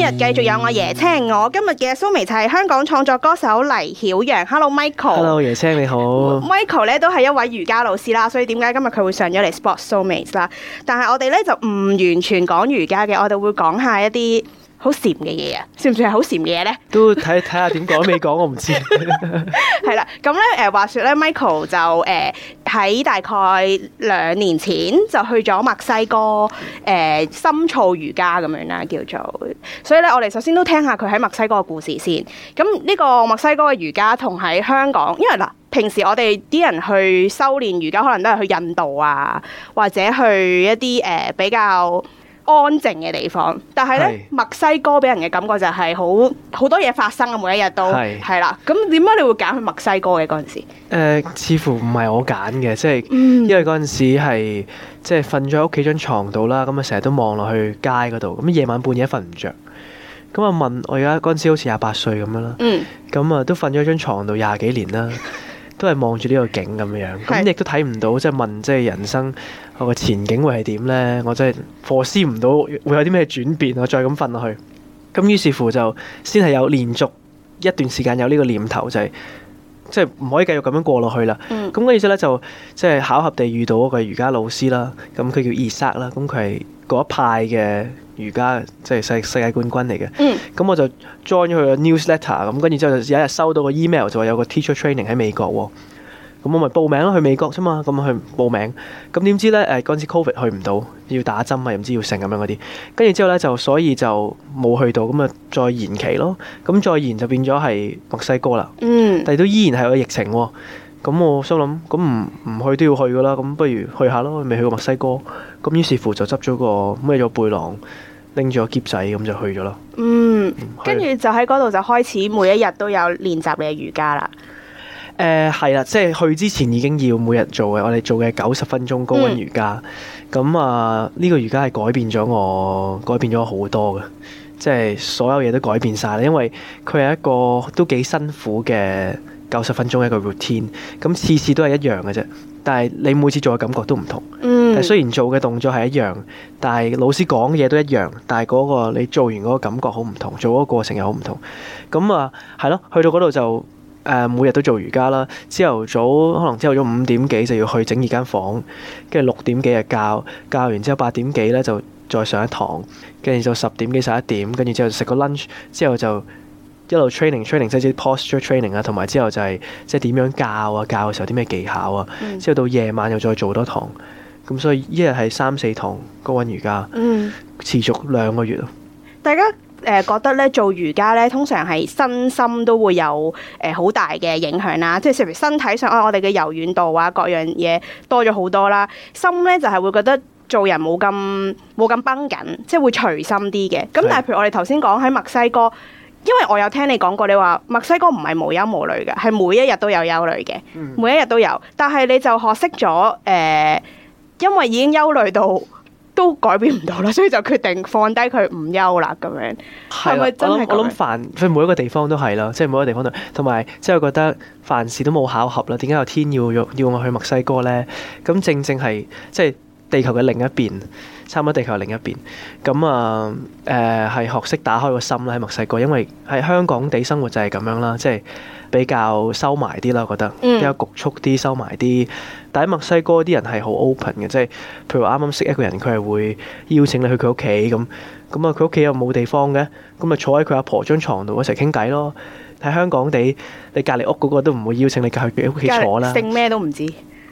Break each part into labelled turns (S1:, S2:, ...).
S1: 今日繼續有我椰青，我今日嘅 soulmate 就係香港唱作歌手黎曉陽。Hello，Michael。Hello，
S2: 椰青你好。
S1: Michael 呢都係一位瑜伽老師啦，所以點解今日佢會上咗嚟 Sports Soulmate 啦？但係我哋呢就唔完全講瑜伽嘅，我哋會講下一啲。好禪嘅嘢啊，算唔算係好禪嘅嘢咧？
S2: 都睇睇下點講未講，我唔知 。
S1: 係啦，咁咧誒，話説咧，Michael 就誒喺、呃、大概兩年前就去咗墨西哥誒、呃、深造瑜伽咁樣啦，叫做。所以咧，我哋首先都聽下佢喺墨西哥嘅故事先。咁、嗯、呢、這個墨西哥嘅瑜伽同喺香港，因為嗱、呃，平時我哋啲人去修練瑜伽可能都係去印度啊，或者去一啲誒、呃、比較。安靜嘅地方，但係咧是墨西哥俾人嘅感覺就係好好多嘢發生啊，每一日都係啦。咁點解你會揀去墨西哥嘅嗰陣
S2: 時？誒、呃，似乎唔係我揀嘅，即係、嗯、因為嗰陣時係即係瞓咗喺屋企張床度啦，咁啊成日都望落去街嗰度，咁夜晚半夜瞓唔着，咁啊問我，我而家嗰陣時好似廿八歲咁樣啦，咁啊、嗯、都瞓咗張床度廿幾年啦。嗯 都係望住呢個景咁樣，咁亦是都睇唔到，即係問，即係人生我嘅前景會係點呢？我真係 foresee 唔到會有啲咩轉變，我再咁瞓落去。咁於是乎就先係有連續一段時間有呢個念頭，就係即係唔可以繼續咁樣過落去啦。咁嘅意思呢，就即係巧合地遇到一個瑜伽老師啦。咁佢叫 Esa 啦，咁佢係嗰一派嘅。瑜伽即係世世界冠軍嚟嘅，咁、嗯、我就 join 咗佢個 newsletter，咁跟住之後就有一日收到個 email，就話有個 teacher training 喺美國喎，咁我咪報名咯，去美國啫嘛，咁去報名，咁點知咧誒嗰陣時 COVID 去唔到，要打針啊，又唔知要成咁樣嗰啲，跟住之後咧就所以就冇去到，咁啊再延期咯，咁再延就變咗係墨西哥啦，嗯、但係都依然係有疫情喎，咁我心諗咁唔唔去都要去噶啦，咁不如去下咯，我未去過墨西哥，咁於是乎就執咗個咩咗背囊。拎住個篋仔咁就去咗咯。嗯，
S1: 跟住、嗯、就喺嗰度就開始每一日都有練習你嘅瑜伽啦。
S2: 誒、呃，係啦，即、就、係、是、去之前已經要每日做嘅，我哋做嘅九十分鐘高溫瑜伽。咁、嗯、啊，呢、這個瑜伽係改變咗我，改變咗好多嘅，即、就、係、是、所有嘢都改變晒啦。因為佢係一個都幾辛苦嘅九十分鐘一個 routine。咁次次都係一樣嘅啫，但係你每次做嘅感覺都唔同。嗯誒雖然做嘅動作係一樣，但係老師講嘅嘢都一樣，但係嗰、那個你做完嗰個感覺好唔同，做嗰個過程又好唔同。咁、嗯、啊，係咯，去到嗰度就誒、呃、每日都做瑜伽啦。朝頭早可能朝頭早五點幾就要去整二間房，跟住六點幾就教，教完之後八點幾咧就再上一堂，跟住就十點幾十一點，跟住之後食個 lunch 之後就一路 tra tra training training 即係啲 posture training 啊，同埋之後就係、是、即係點樣教啊，教嘅時候啲咩技巧啊，之後到夜晚又再做多堂。咁所以一日係三四堂高溫瑜伽，
S1: 嗯，
S2: 持續兩個月咯。
S1: 大家誒覺得咧做瑜伽咧，通常係身心都會有誒好大嘅影響啦。即係譬如身體上啊，我哋嘅柔軟度啊，各樣嘢多咗好多啦。心咧就係會覺得做人冇咁冇咁繃緊，即係會隨心啲嘅。咁但係譬如我哋頭先講喺墨西哥，因為我有聽你講過，你話墨西哥唔係無憂無慮嘅，係每一日都有憂慮嘅，每一日都有。但係你就學識咗誒。因為已經憂慮到都改變唔到啦，所以就決定放低佢唔憂啦咁樣。係咪 真係？我諗凡
S2: 去每一個地方都係啦，即係每一個地方都同埋，即係覺得凡事都冇巧合啦。點解有天要要，要我去墨西哥呢？咁正正係即係地球嘅另一邊，差唔多地球嘅另一邊。咁啊誒，係、呃、學識打開個心啦喺墨西哥，因為喺香港地生活就係咁樣啦，即係。比較收埋啲啦，我覺得比較局促啲，收埋啲。但喺墨西哥啲人係好 open 嘅，即係譬如啱啱識一個人，佢係會邀請你去佢屋企咁。咁啊，佢屋企又冇地方嘅，咁咪坐喺佢阿婆張床度一齊傾偈咯。喺香港地，你隔離屋嗰個都唔會邀請你入佢屋企坐啦。姓咩都唔知。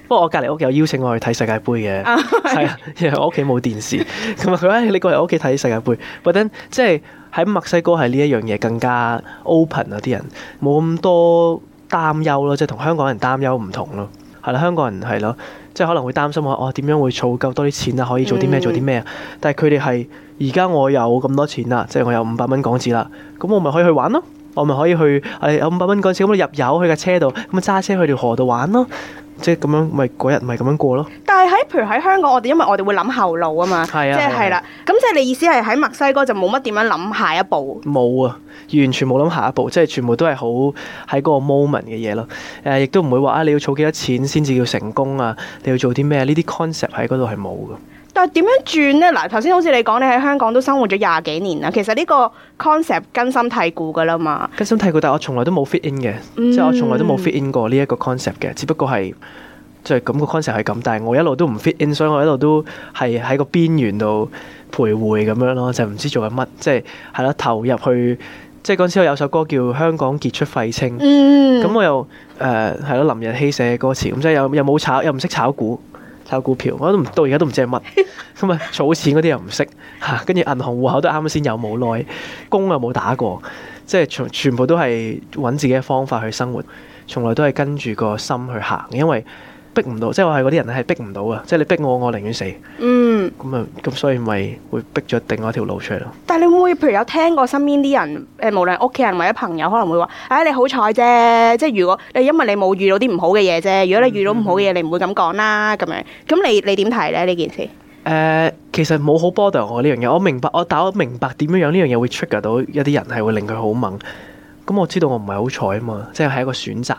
S2: 不過我隔離屋企有邀請我去睇世界盃嘅，係 啊，因為我屋企冇電視，咁啊佢話你過嚟我屋企睇世界盃，或者即係。喺墨西哥係呢一樣嘢更加 open 啊！啲人冇咁多擔憂咯，即係同香港人擔憂唔同咯。係啦，香港人係咯，即係可能會擔心我哦點樣會儲夠多啲錢啊？可以做啲咩、嗯、做啲咩啊？但係佢哋係而家我有咁多錢啦，即係我有五百蚊港紙啦，咁我咪可以去玩咯，我咪可以去誒、哎、有五百蚊港紙，咁我入油去架車度，咁啊揸車去條河度玩咯。即係咁樣，咪嗰日咪咁樣過咯但。
S1: 但係喺譬如喺香港，我哋因為我哋會諗後
S2: 路啊嘛，即係係啦。
S1: 咁即係你意思係喺墨西哥就冇乜點樣諗下一步？
S2: 冇啊，完全冇諗下一步，即係全部都係好喺嗰個 moment 嘅嘢咯。誒、呃，亦都唔會話啊，你要儲幾多錢先至叫成功啊？你要做啲咩？呢啲 concept 喺嗰度係冇嘅。
S1: 但點、啊、樣轉咧？嗱，頭先好似你講，你喺香港都生活咗廿幾年啦。其實呢個 concept 根深蒂固噶啦嘛。
S2: 根深蒂固，但係我從來都冇 fit in 嘅，嗯、即係我從來都冇 fit in 過呢一個 concept 嘅。只不過係即係咁個 concept 係咁，但係我一路都唔 fit in，所以我一路都係喺個邊緣度徘徊咁樣咯，就唔知做緊乜。即係係啦，投入去。即係嗰陣時，我有首歌叫《香港傑出廢青》，咁、嗯、我又誒係咯林日曦寫嘅歌詞，咁即係又又冇炒，又唔識炒股。炒股票，我都唔到而家都唔知係乜。咁啊，儲錢嗰啲又唔識吓，跟住銀行戶口都啱先有冇耐，工又冇打過，即係全全部都係揾自己嘅方法去生活，從來都係跟住個心去行，因為。逼唔到，即係我係嗰啲人係逼唔到噶，即係你逼我，我寧願死。嗯，咁啊，咁所以咪會逼咗另外一條路出嚟咯
S1: 但係你會唔會，譬如有聽過身邊啲人，誒，無論屋企人或者朋友，可能會話，哎，你好彩啫，即係如果你因為你冇遇到啲唔好嘅嘢啫，如果你遇到唔好嘅嘢，嗯，你唔會咁講啦，咁樣。咁你你點睇咧，呢件事？
S2: 誒、呃，其實冇好波動我呢樣嘢，我明白，我但我明白點樣樣呢樣嘢會 trigger 到一啲人係會令佢好猛。咁我知道我唔係好彩啊嘛，即係係一個選擇。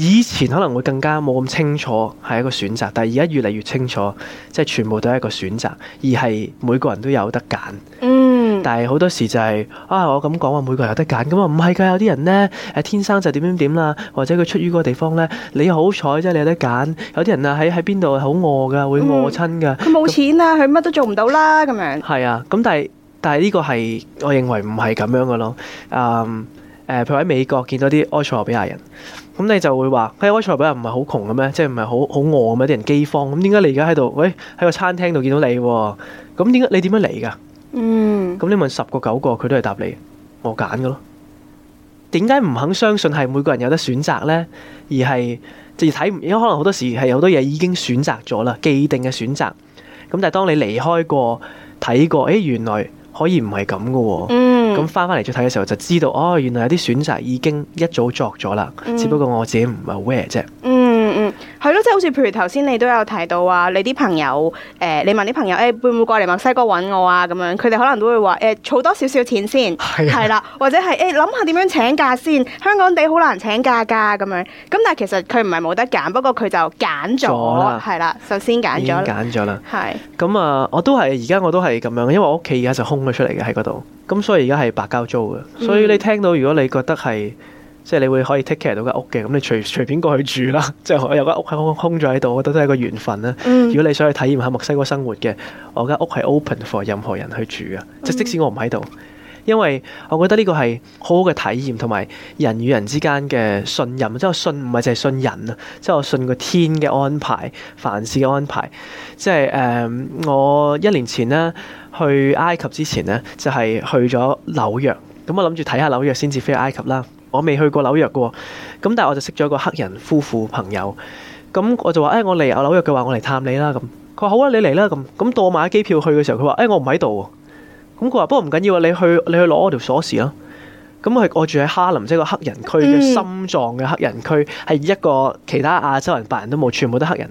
S2: 以前可能會更加冇咁清楚係一個選擇，但係而家越嚟越清楚，即係全部都係一個選擇，而係每個人都有得揀。嗯，但係好多時就係、是、啊，我咁講話每個人有得揀，咁啊唔係㗎，有啲人咧，誒天生就點點點啦，或者佢出於個地方咧，你好彩即係，你有得揀。有啲人啊喺喺邊度好餓㗎，會餓親㗎。佢冇、嗯、錢啦、啊，佢乜那都做唔到啦，咁樣。係啊，咁但係但係呢個係我認為唔係咁樣嘅咯。嗯，誒、呃，譬如喺美國見到啲埃塞俄比亞人。咁你就會話，嘿，威財比唔係好窮嘅咩？即係唔係好好餓咩？啲人饑荒。咁點解你而家喺度？喂、欸，喺個餐廳度見到你、啊。咁點解你點樣嚟㗎？嗯。咁你問十個九個佢都係答你，我揀㗎咯。點解唔肯相信係每個人有得選擇咧？而係直係睇，因為可能好多時係好多嘢已經選擇咗啦，既定嘅選擇。咁但係當你離開過、睇過，誒、欸、原來可以唔係咁嘅喎。嗯咁翻翻嚟再睇嘅時候就知道，哦，原來有啲選擇已經一早作咗啦，嗯、只不過我自己唔係好 aware 啫。嗯
S1: 嗯嗯，係咯，即係好似譬如頭先你都有提到啊，你啲朋友誒、呃，你問啲朋友誒、欸、會唔會過嚟墨西哥搵我啊？咁樣，佢哋可能都會話誒，儲、欸、多少少錢先係啦係，或者係誒諗下點樣請假先，香港地好難請假噶咁樣。咁但係其實佢唔係冇得揀，不過佢就揀咗係啦。首先揀咗，已經揀咗啦。係。
S2: 咁啊，我都係，而家我都係咁樣，因為我屋企而家就空咗出嚟嘅喺嗰度，咁所以而家係白交租嘅。所以你聽到，如果你覺得係。嗯即係你會可以 take care 到間屋嘅，咁你隨隨便過去住啦。即係我有間屋係空咗喺度，我覺得都係一個緣分啦。嗯、如果你想去體驗下墨西哥生活嘅，我間屋係 open for 任何人去住啊。即、嗯、即使我唔喺度。因為我覺得呢個係好好嘅體驗同埋人與人之間嘅信任。即係信唔係淨係信人啊，即係我信個天嘅安排，凡事嘅安排。即係誒、嗯，我一年前呢去埃及之前呢，就係、是、去咗紐約。咁我諗住睇下紐約先至飛去埃及啦。我未去過紐約嘅喎，咁但係我就識咗個黑人夫婦朋友，咁我就話：誒、哎，我嚟，我紐約嘅話，我嚟探你啦，咁。佢話好啊，你嚟啦，咁。咁到我買咗機票去嘅時候，佢話：誒、哎，我唔喺度，咁佢話不過唔緊要啊，你去你去攞我條鎖匙囉。咁我我住喺哈林，即係個黑人區嘅心臟嘅黑人區，係、嗯、一個其他亞洲人白人都冇，全部都黑人。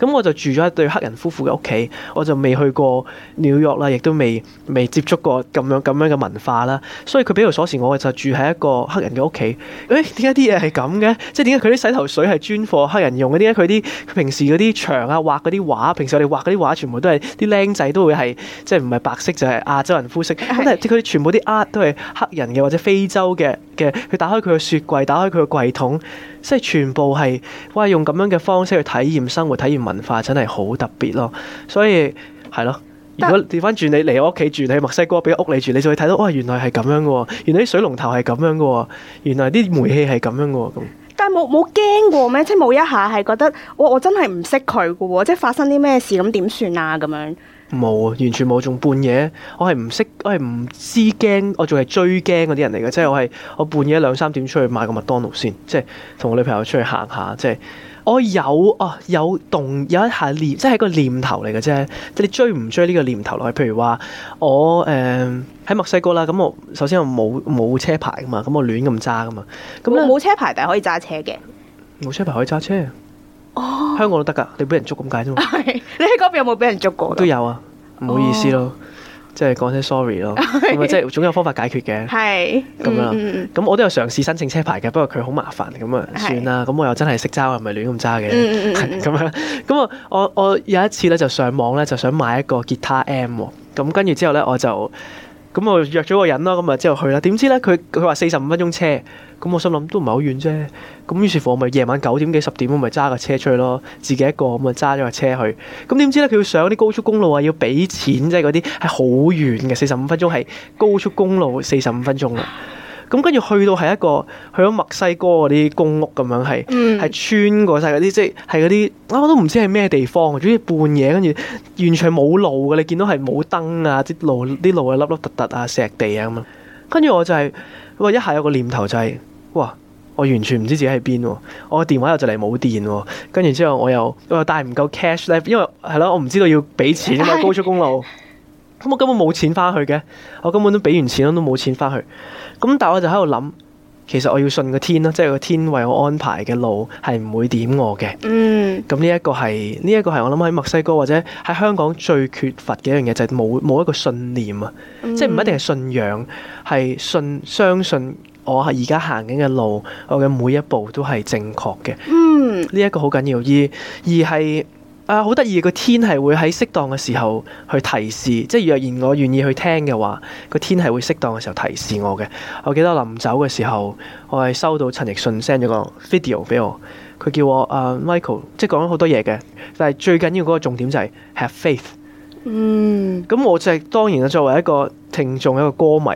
S2: 咁我就住咗一對黑人夫婦嘅屋企，我就未去過紐約啦，亦都未未接觸過咁樣咁樣嘅文化啦。所以佢俾條鎖匙我嘅就住喺一個黑人嘅屋企。誒點解啲嘢係咁嘅？即係點解佢啲洗頭水係專貨黑人用嗰啲，佢啲佢平時嗰啲牆啊畫嗰啲畫，平時我哋畫嗰啲畫全部都係啲靚仔都會係即係唔係白色就係、是、亞洲人膚色，即係佢全部啲 art 都係黑人嘅或者非洲嘅嘅。佢打開佢嘅雪櫃，打開佢嘅櫃桶，即、就、係、是、全部係哇，用咁樣嘅方式去體驗生活，體驗文文化真係好特別咯，所以係咯。但如果調翻轉你嚟，我屋企住，你去墨西哥俾屋你住，你就會睇到哇，原來係咁樣嘅，原來啲水龍頭係咁樣嘅，原來啲煤氣係咁樣嘅。咁
S1: 但係冇冇驚過咩？即係冇一下係覺得我我真係唔識佢嘅，即係發生啲咩事咁點算啊？咁樣
S2: 冇，啊，完全冇。仲半夜我係唔識，我係唔知驚，我仲係追驚嗰啲人嚟嘅。即係、嗯、我係我半夜兩三點出去買個麥當勞先，即係同我女朋友出去行下，即係。我有啊，有動有一下念，即係個念頭嚟嘅啫。即你追唔追呢個念頭落去？譬如話我誒喺、嗯、墨西哥啦，咁我首先我冇冇車牌噶嘛，咁我亂咁揸噶嘛。
S1: 咁我冇車牌但係可以揸車嘅。
S2: 冇車牌可以揸車？
S1: 哦，
S2: 香港都得噶，你俾人捉咁解啫
S1: 嘛。你喺嗰邊有冇俾人捉過？都
S2: 有啊，唔好意思咯。哦嗯即係講聲 sorry 咯，咁 即係總有方法解決嘅。係咁啊，咁 我都有嘗試申請車牌嘅，不過佢好麻煩，咁啊算啦。咁 我又真係識揸，又唔係亂咁揸嘅。咁 樣咁我我我有一次咧就上網咧就想買一個吉他 M 咁跟住之後咧我就。咁我約咗個人咯，咁咪之後去啦。點知咧，佢佢話四十五分鐘車，咁我心諗都唔係好遠啫。咁於是乎我咪夜晚九點幾十點咁咪揸架車出去咯，自己一個咁啊揸咗架車去。咁點知咧，佢要上啲高速公路啊，要俾錢即係嗰啲係好遠嘅，四十五分鐘係高速公路四十五分鐘。咁跟住去到係一個去咗墨西哥嗰啲公屋咁樣係，係穿過晒嗰啲即係嗰啲，我都唔知係咩地方，總之半夜跟住完全冇路嘅，你見到係冇燈啊，啲路啲路啊凹凹凸凸啊，石地啊咁啊。跟住我就係、是、哇一下有個念頭就係、是、哇，我完全唔知自己喺邊喎，我電話又就嚟冇電喎，跟住之後我又我又帶唔夠 cash 咧，因為係咯，我唔知道要俾錢呀嘛，高速公路。 咁我根本冇錢翻去嘅，我根本都俾完錢咯，都冇錢翻去。咁但係我就喺度諗，其實我要信個天咯，即係個天為我安排嘅路係唔會點我嘅。嗯。咁呢一個係呢一個係我諗喺墨西哥或者喺香港最缺乏嘅一樣嘢就係冇冇一個信念啊，嗯、即係唔一定係信仰，係信相信我而家行緊嘅路，我嘅每一步都係正確嘅。嗯。呢一個好緊要，而而係。而啊，好得意！個天係會喺適當嘅時候去提示，即係若然我願意去聽嘅話，個天係會適當嘅時候提示我嘅。我記得我臨走嘅時候，我係收到陳奕迅 send 咗個 video 俾我，佢叫我啊、uh, Michael，即係講咗好多嘢嘅，但係最緊要嗰個重點就係 have faith。嗯，咁我就係、當然作為一個聽眾，一個歌迷，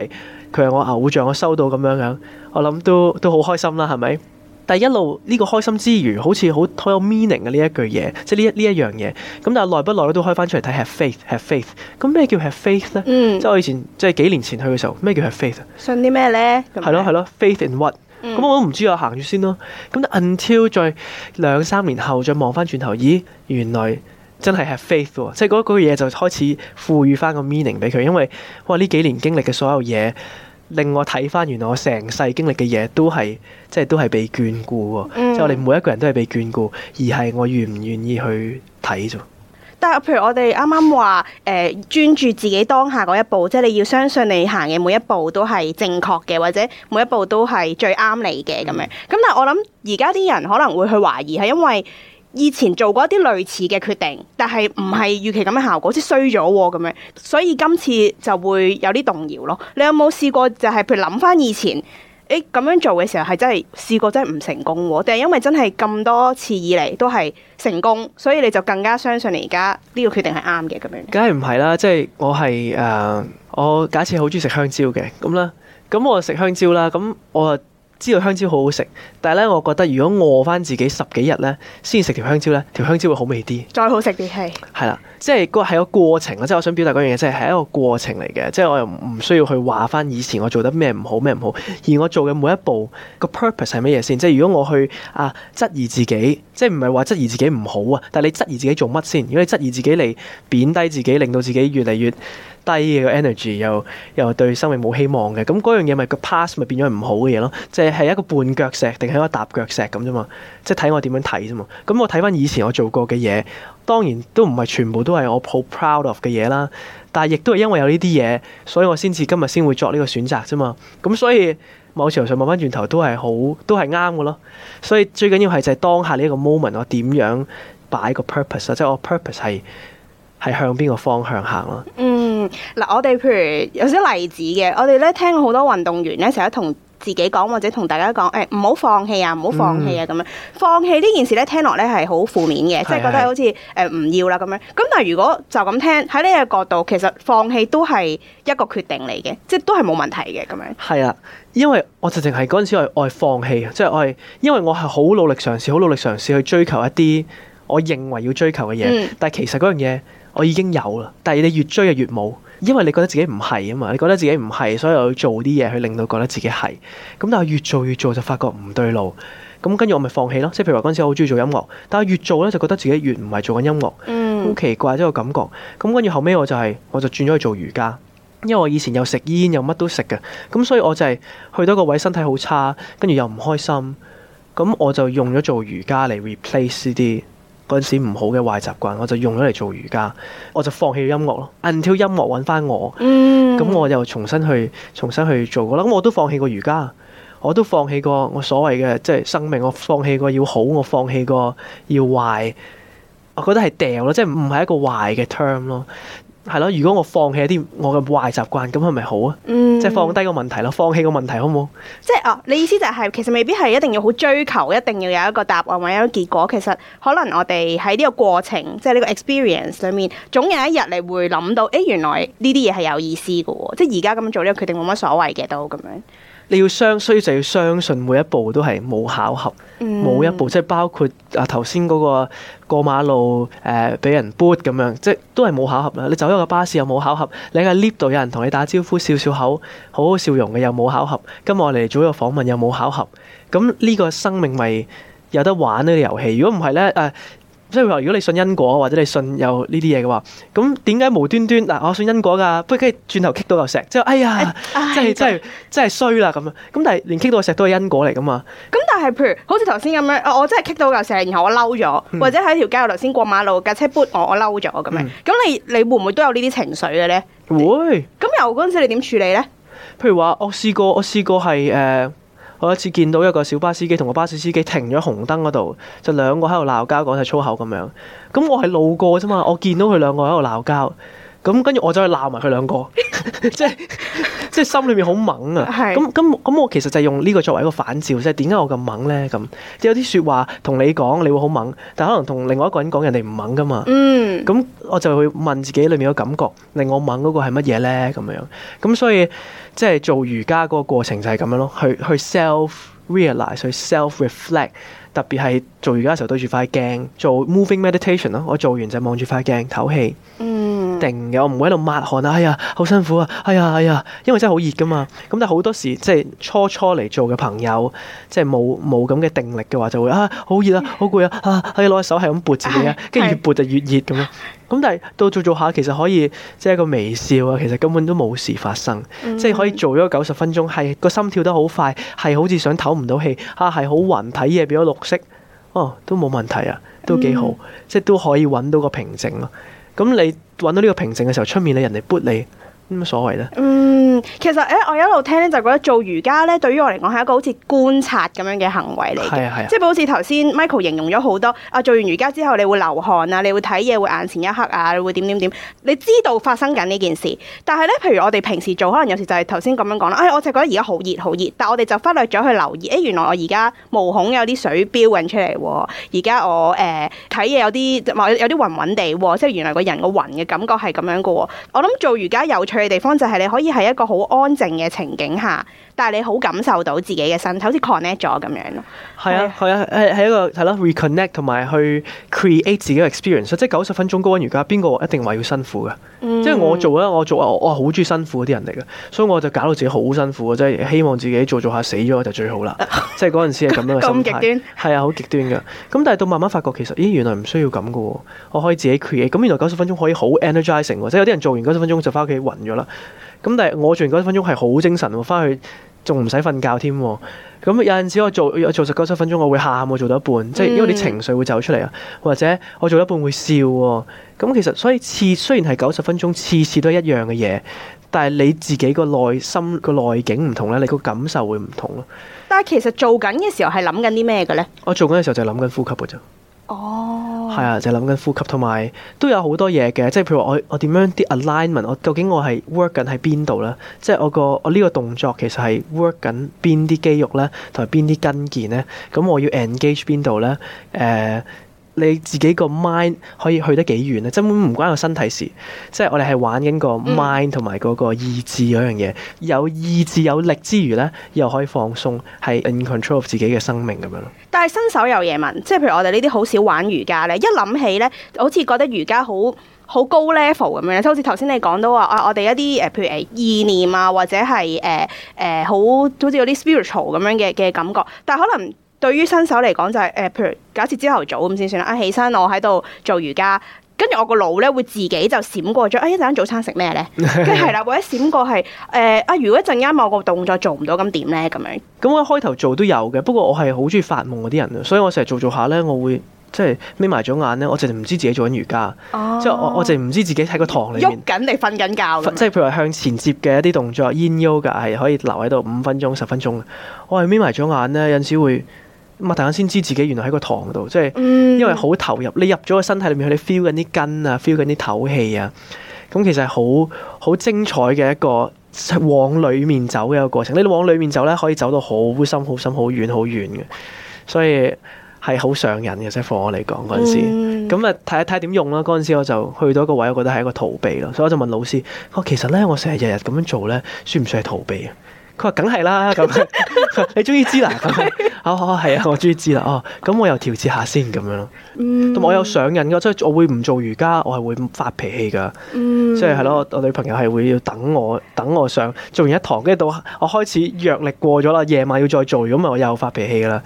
S2: 佢係我偶像，我收到咁樣樣，我諗都都好開心啦，係咪？但係一路呢個開心之餘，好似好好有 meaning 嘅呢一句嘢，即係呢呢一樣嘢。咁但係耐不耐都開翻出嚟睇。Have faith，have faith。咁咩叫 have faith 呢？嗯、即係我以前即係幾年前去嘅時候，咩叫 have faith？信啲咩呢？係咯係咯，faith in what？咁、嗯、我都唔知我行住先咯。咁 until 再兩三年後再望翻轉頭，咦，原來真係 have faith 喎！即係嗰嗰句嘢就開始賦予翻個 meaning 俾佢，因為哇呢幾年經歷嘅所有嘢。令我睇翻，原來我成世經歷嘅嘢都係，即係都係被眷顧喎。嗯、即係我哋每一個人都係被眷顧，而係我願唔願意去睇啫。
S1: 但係，譬如我哋啱啱話，誒、呃、專注自己當下嗰一步，即係你要相信你行嘅每一步都係正確嘅，或者每一步都係最啱你嘅咁、嗯、樣。咁但係我諗而家啲人可能會去懷疑，係因為。以前做過一啲類似嘅決定，但係唔係預期咁嘅效果，即衰咗喎咁樣，所以今次就會有啲動搖咯。你有冇試過就係、是、譬如諗翻以前，誒咁樣做嘅時候係真係試過真係唔成功喎，定係因為真係咁多次以嚟都係成功，所以你就更加相信你而家呢個決定係啱嘅咁樣？
S2: 梗係唔係啦，即係我係誒、呃，我假設好中意食香蕉嘅咁啦，咁我食香蕉啦，咁我就。知道香蕉好好食，但係咧，我覺得如果餓翻自己十幾日咧，先食條香蕉咧，條香蕉會好味啲，
S1: 再好食啲係。
S2: 係啦，即係個係個過程啦，即係我想表達嗰樣嘢，即係係一個過程嚟嘅，即係我，我又唔需要去話翻以前我做得咩唔好咩唔好，而我做嘅每一步個 purpose 係乜嘢先？即係如果我去啊質疑自己，即係唔係話質疑自己唔好啊，但係你質疑自己做乜先？如果你質疑自己嚟貶低自己，令到自己越嚟越。低嘅 energy 又又對生命冇希望嘅，咁、嗯、嗰樣嘢咪個 past 咪變咗唔好嘅嘢咯？即係係一個絆腳石，定係一個踏腳石咁啫嘛？即係睇我點樣睇啫嘛？咁、嗯、我睇翻以前我做過嘅嘢，當然都唔係全部都係我好 proud of 嘅嘢啦，但係亦都係因為有呢啲嘢，所以我先至今日先會作呢個選擇啫嘛。咁、嗯、所以某程度上問翻轉頭都係好，都係啱嘅咯。所以最緊要係就係當下呢一個 moment，我點樣擺個 purpose 啊？即係我 purpose 係。係向邊個方向行咯？嗯，
S1: 嗱，我哋譬如有啲例子嘅，我哋咧聽過好多運動員咧成日同自己講或者同大家講，誒、哎，唔好放棄啊，唔好放棄啊，咁、嗯、樣放棄呢件事咧，聽落咧係好負面嘅，即係覺得好似誒唔要啦咁樣。咁但係如果就咁聽喺呢個角度，其實放棄都係一個決定嚟嘅，即係都係冇問題嘅咁樣。
S2: 係啦、嗯嗯就是，因為我直情係嗰陣時我我係放棄即係我係因為我係好努力嘗試，好努力嘗試去追求一啲我認為要追求嘅嘢、嗯，但係其實嗰樣嘢。我已經有啦，但係你越追就越冇，因為你覺得自己唔係吖嘛，你覺得自己唔係，所以我要做啲嘢去令到覺得自己係。咁但係越做越做就發覺唔對路，咁跟住我咪放棄咯。即係譬如話嗰陣時我好鍾意做音樂，但係越做呢就覺得自己越唔係做緊音樂，好、嗯、奇怪即係個感覺。咁跟住後尾我就係、是、我就轉咗去做瑜伽，因為我以前又食煙又乜都食嘅，咁所以我就係去到個位身體好差，跟住又唔開心，咁我就用咗做瑜伽嚟 replace 呢啲。嗰陣時唔好嘅壞習慣，我就用咗嚟做瑜伽，我就放棄音樂咯。until 音樂揾翻我，咁、嗯、我又重新去重新去做過啦。咁我都放棄過瑜伽，我都放棄過我所謂嘅即係生命，我放棄過要好，我放棄過要壞。我覺得係掉咯，即係唔係一個壞嘅 term 咯。係咯，如果我放棄一啲我嘅壞習慣，咁係咪好啊？嗯，即係放低個問題咯，放棄個問題好唔好？
S1: 即係哦，你意思就係，其實未必係一定要好追求，一定要有一個答案或者一個結果。其實可能我哋喺呢個過程，即係呢個 experience 裏面，總有一日你會諗到，誒，原來呢啲嘢係有意思嘅，即係而家咁做呢個決定冇乜所謂嘅都咁樣。
S2: 你要相，所以就要相信每一步都係冇巧合，冇、嗯、一步，即係包括啊頭先嗰個過馬路，誒、呃、俾人 b 咁樣，即係都係冇巧合啦。你走咗個巴士又冇巧合，你喺 lift 度有人同你打招呼，笑笑口，好好笑容嘅又冇巧合。今日我嚟做一個訪問又冇巧合，咁呢個生命咪有得玩遊戲呢個遊戲？如果唔係咧，誒。即係話，如果你信因果，或者你信有呢啲嘢嘅話，咁點解無端端嗱、啊，我信因果㗎，不如經轉頭棘到嚿石，即係哎呀，即係即係即係衰啦咁啊！咁但係連棘到嚿石都係因果嚟噶嘛？咁但
S1: 係譬如好似頭先咁樣，我真係棘到嚿石，然後我嬲咗，嗯、或者喺條街頭先過馬路架車撥我，我嬲咗咁樣。咁、嗯、你你會唔會都有呢啲情緒嘅咧？
S2: 會。
S1: 咁由嗰陣時你點處理咧？
S2: 譬如話，我試過，我試過係誒。呃我一次見到一個小巴司機同個巴士司機停咗紅燈嗰度，就兩個喺度鬧交，講晒粗口咁樣。咁我係路過啫嘛，我見到佢兩個喺度鬧交，咁跟住我就去鬧埋佢兩個， 即係即係心裏面好猛啊。咁咁咁，我其實就用呢個作為一個反照，即係點解我咁猛咧？咁有啲説話同你講，你會好猛，但可能同另外一個人講，人哋唔猛噶嘛。嗯。咁我就去問自己裏面嘅感覺，令我猛嗰個係乜嘢咧？咁樣。咁所以。即係做瑜伽嗰個過程就係咁樣咯，去去 self realize，去 self reflect，特別係做瑜伽嘅時候對住塊鏡做 moving meditation 咯，我做完就望住塊鏡唞氣。嗯定嘅，我唔會喺度抹汗啊！哎呀，好辛苦啊！哎呀，哎呀，因為真係好熱噶嘛。咁但係好多時即係初初嚟做嘅朋友，即係冇冇咁嘅定力嘅話，就會啊好熱啊，好攰啊，啊，啊要攞、哎、手係咁撥自己啊，跟住越撥就越熱咁樣。咁但係到做做下，其實可以即係個微笑啊，其實根本都冇事發生，嗯、即係可以做咗九十分鐘，係個心跳得好快，係好似想唞唔到氣啊，係好暈，睇嘢變咗綠色，哦，都冇問題啊，都幾好，即係都可以揾到個平靜咯。嗯咁你揾到呢個平靜嘅時候，出面人你人哋撥你，有乜所謂咧？嗯，
S1: 其實誒，我一路聽咧就覺得做瑜伽咧對於我嚟講係一個好似觀察咁樣嘅行為嚟嘅，係啊係啊，即係好似頭先 Michael 形容咗好多啊，做完瑜伽之後你會流汗啊，你會睇嘢會眼前一黑啊，你會點點點，你知道發生緊呢件事，但係咧，譬如我哋平時做，可能有時就係頭先咁樣講啦，哎，我就覺得而家好熱好熱，但我哋就忽略咗去留意，哎，原來我而家毛孔有啲水飆揾出嚟喎，而家我誒睇嘢有啲，或、呃、有啲暈暈地喎，即係原來個人個暈嘅感覺係咁樣噶喎，我諗做瑜伽有佢嘅地方就係你可以喺一個好安靜嘅情景下。但係你好感受到自己嘅身體，好似 connect 咗咁樣咯。
S2: 係啊，係啊，係一個係啦、啊、reconnect 同埋去 create 自己嘅 experience。即係九十分鐘高温瑜伽，邊個一定話要辛苦嘅？嗯、即係我做咧，我做啊，我好中意辛苦嗰啲人嚟嘅，所以我就搞到自己好辛苦嘅，即係希望自己做做下死咗就最好啦。 即係嗰陣時係咁樣咁心 極端，係啊，好極端嘅。咁但係到慢慢發覺，其實咦，原來唔需要咁嘅，我可以自己 create。咁原來九十分鐘可以好 energizing。即有啲人做完九十分鐘就翻屋企暈咗啦。咁但係我做完九十分鐘係好精神，翻去。仲唔使瞓覺添？咁有陣時我做我做九十分鐘，我會喊，我做到一半，即、嗯、係、嗯嗯、因為你情緒會走出嚟啊，或者我做一半會笑喎。咁其實所以次雖然係九十分鐘，次次都係一樣嘅嘢，但係你自己個內心個內境唔同咧，你個感受會唔同咯。
S1: 但係其實做緊嘅時候係諗緊啲咩嘅咧？
S2: 我做緊嘅時候就係諗緊呼吸嘅啫。哦。係 啊，就諗、是、緊呼吸，同埋都有好多嘢嘅。即係譬如話，我我點樣啲 alignment？我究竟我係 work 緊喺邊度咧？即係我個我呢個動作其實係 work 緊邊啲肌肉咧，同埋邊啲筋腱咧？咁我要 engage 邊度咧？誒、呃。你自己個 mind 可以去得幾遠咧？根本唔關個身體事，即係我哋係玩緊個 mind 同埋嗰個意志嗰樣嘢。有意志有力之餘咧，又可以放鬆，係 in control of 自己嘅生命咁樣。
S1: 但係新手有嘢問，即係譬如我哋呢啲好少玩瑜伽咧，一諗起咧，好似覺得瑜伽好好高 level 咁樣，即係好似頭先你講到話，啊，我我哋一啲誒，譬如誒意念啊，或者係誒誒好好似有啲 spiritual 咁樣嘅嘅感覺，但係可能。對於新手嚟講就係誒，譬如假設朝頭早咁先算啦。啊，起身我喺度做瑜伽，跟住我個腦咧會自己就閃過咗，一陣間早餐食咩咧？係啦， 或者閃過係誒、呃。啊，如果一陣間某個動作做唔到咁點咧？
S2: 咁樣咁我開頭做都有嘅，不過我係好中意發夢嗰啲人所以我成日做做下咧，我會即係眯埋咗眼咧，我凈係唔知自己做緊瑜伽。哦。即係我我凈係唔知自己喺個堂裏喐
S1: 緊你，你瞓緊覺。即係譬
S2: 如向前接嘅一啲動作，Yin Yoga 係可以留喺度五分鐘、十分鐘。我係眯埋咗眼咧，有陣時會。擘大眼先知自己原來喺個堂度，即係因為好投入，你入咗個身體裏面，你 feel 緊啲筋啊，feel 緊啲透氣啊，咁其實係好好精彩嘅一個往裏面走嘅一個過程。你往裏面走咧，可以走到好深、好深、好遠、好遠嘅，所以係好上癮嘅。即係我嚟講嗰陣時，咁啊睇一睇點用啦。嗰陣時我就去到一個位，我覺得係一個逃避咯，所以我就問老師：我其實咧，我成日日日咁樣做咧，算唔算係逃避啊？佢話：梗係啦，咁 你終於知啦。 好好，係啊、oh, oh, oh, yes, oh, mm，我終於知啦。哦，咁我又調節下先咁樣咯。同埋我有上癮㗎，即係我會唔做瑜伽，我係會發脾氣㗎。即係係咯，我女朋友係會要等我，等我上做完一堂，跟住到我開始藥力過咗啦，夜晚要再做，咁咪我又發脾氣啦。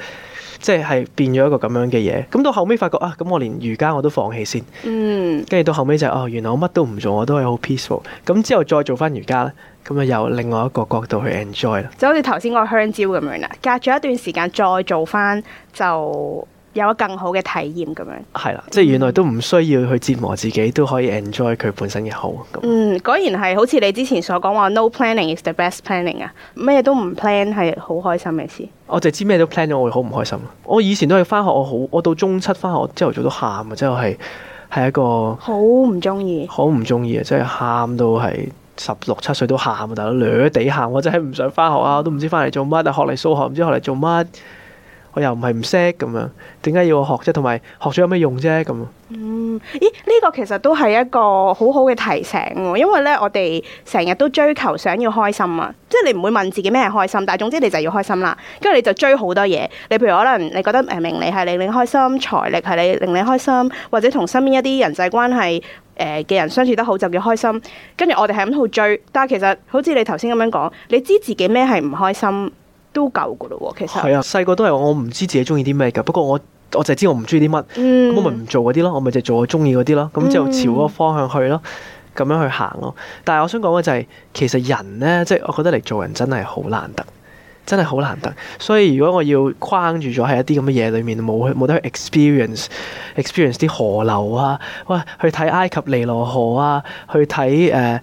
S2: 即係變咗一個咁樣嘅嘢，咁到後尾發覺啊，咁我連瑜伽我都放棄先，跟住、嗯、到後尾就係、哦，原來我乜都唔做，我都係好 peaceful，咁之後再做翻瑜伽咧，咁啊有另外一個角度去 enjoy 啦，
S1: 就好似頭先個香蕉咁樣啦，隔咗一段時間再做翻就，有更好嘅體驗咁樣，
S2: 係啦，嗯，即係原來都唔需要去折磨自己，都可以 enjoy 佢本身嘅好。嗯，
S1: 果然係好似你之前所講話，No planning is the best planning 啊，咩都唔 plan 係好開心嘅事。
S2: 我就知咩都 plan 咗，我會好唔開心。我以前都係翻學，我好，我到中七翻學，我朝頭早都喊啊，即係係係一個好唔中意，好唔中意啊，即係喊到係十六七歲都喊啊，大佬攣地喊，我真係唔想翻學啊，我都唔知翻嚟做乜，啊，學嚟數學唔知學嚟做乜。又唔係唔識咁樣，點解要我學啫？同埋學咗有咩用啫？咁嗯，
S1: 咦？呢個其實都係一個好好嘅提醒，因為咧，我哋成日都追求想要開心啊！即係你唔會問自己咩係開心，但係總之你就要開心啦。跟住你就追好多嘢，你譬如可能你覺得誒名利係令你開心，財力係你令你開心，或者同身邊一啲人際關係誒嘅人相處得好就叫開心。跟住我哋係咁去追，但係其實好似你頭先咁樣講，你知自己咩係唔開心。都夠噶咯，其實係啊，
S2: 細個都係我唔知自己中意啲咩噶，不過我我，我，不、嗯、我就知我唔中意啲乜，咁我咪唔做嗰啲咯，我咪就做我中意嗰啲咯，咁之後就朝嗰個方向去咯，咁、嗯、樣去行咯。但係我想講嘅就係，其實人咧，即、就、係、是、我覺得嚟做人真係好難得。真係好難得，所以如果我要框住咗喺一啲咁嘅嘢裏面，冇冇得去 experience experience 啲河流啊，哇，去睇埃及尼羅河啊，去睇誒誒誒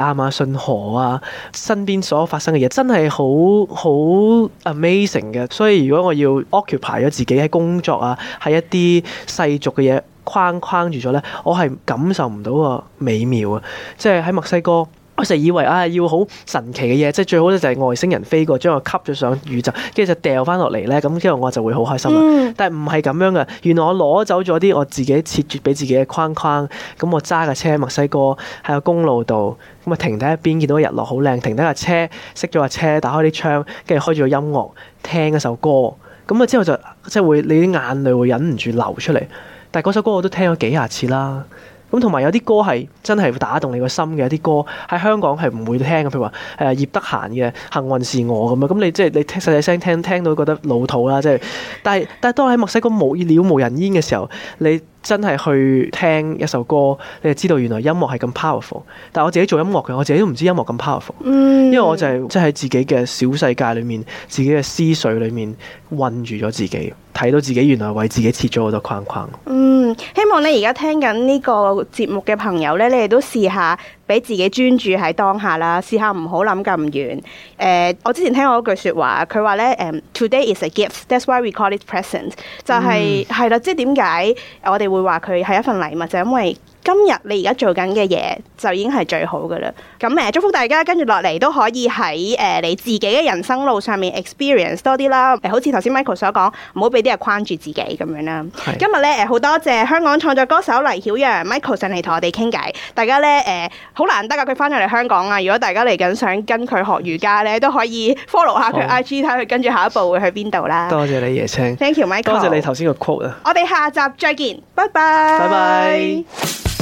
S2: 亞馬遜河啊，身邊所發生嘅嘢真係好好 amazing 嘅，所以如果我要 occupy 咗自己喺工作啊，喺一啲世俗嘅嘢框框住咗咧，我係感受唔到個美妙啊，即係喺墨西哥。我成以為啊、哎，要好神奇嘅嘢，即係最好咧就係外星人飛過，將我吸咗上宇宙，跟住就掉翻落嚟咧，咁之後我就會好開心啦。但係唔係咁樣嘅，原來我攞走咗啲我自己設置俾自己嘅框框，咁我揸架車喺墨西哥喺個公路度，咁啊停低一邊，見到日落好靚，停低架車，熄咗架車，打開啲窗，跟住開住個音樂聽一首歌，咁啊之後就即係會你啲眼淚會忍唔住流出嚟。但係嗰首歌我都聽咗幾下次啦。咁同埋有啲歌係真係會打動你個心嘅，有啲歌，喺香港係唔會聽嘅。譬如話誒葉德嫻嘅《幸運是我》咁啊，咁你即係你細細聲聽聽，聽，聽，聽到覺得老土啦，即係。但係但係當喺墨西哥無了無人煙嘅時候，你，真係去聽一首歌，你就知道原來音樂係咁 powerful。但我自己做音樂嘅，我自己都唔知音樂咁 powerful。嗯，因為我就係即係喺自己嘅小世界裏面，自己嘅思緒裏面困住咗自己，睇到自己原來為自己設咗好多框框。
S1: 嗯，希望你而家聽緊呢個節目嘅朋友咧，你哋都試下。俾自己專注喺當下啦，試下唔好諗咁遠。誒、呃，我之前聽過一句説話，佢話咧誒，Today is a gift，that's why we call it present，就係係啦，即係點解我哋會話佢係一份禮物，就係、因為。今日你而家做緊嘅嘢就已經係最好嘅啦。咁誒，祝福大家跟住落嚟都可以喺誒、呃、你自己嘅人生路上面 experience 多啲啦。誒、呃，好似頭先 Michael 所講，唔好俾啲人框住自己咁樣啦。是今日咧誒，好多謝香港唱作歌手黎曉陽 Michael 上嚟同我哋傾偈。大家咧誒，好、呃、難得啊！佢翻咗嚟香港啊！如果大家嚟緊想跟佢學瑜伽咧，都可以 follow 下佢 IG 睇佢好跟住下一步會去邊度啦。多
S2: 謝你，椰青。Thank you，Michael。多謝你頭先嘅 quote
S1: 啊！我哋下集再見，拜拜。拜拜。